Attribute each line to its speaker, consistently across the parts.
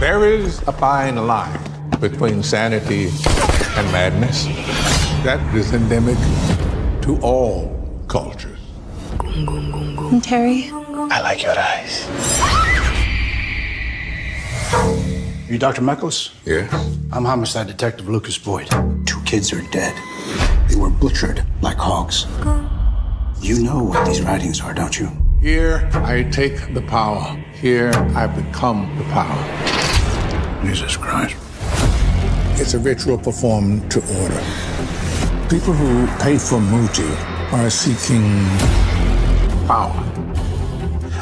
Speaker 1: There is a fine line between sanity and madness that is endemic to all cultures.
Speaker 2: And Terry? I like your eyes. You Dr. Meckles? Yes. I'm homicide detective Lucas Boyd. Two kids are dead. They were butchered like hogs. You know what these writings are, don't you? Here I take
Speaker 3: the power. Here I become the power. Jesus Christ. It's a ritual performed to order. People who pay for muti are seeking power.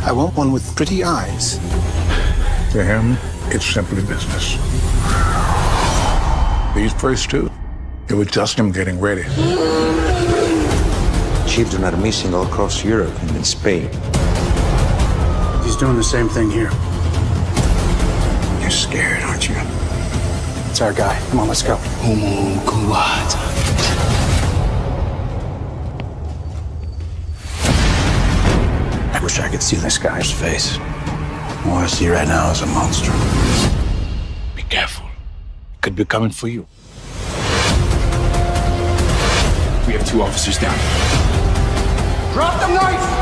Speaker 3: I want one
Speaker 2: with pretty eyes.
Speaker 3: To him, it's simply business. These first two, it was just him getting ready.
Speaker 2: Children are missing all across Europe and in Spain. He's doing the same thing here. You're scared, that's our guy. Come on, let's go. Oh, God. I wish I could see this guy's face. All I see right now is a monster. Be careful. Could be coming for you. We have two officers
Speaker 1: down.
Speaker 4: Drop the knife!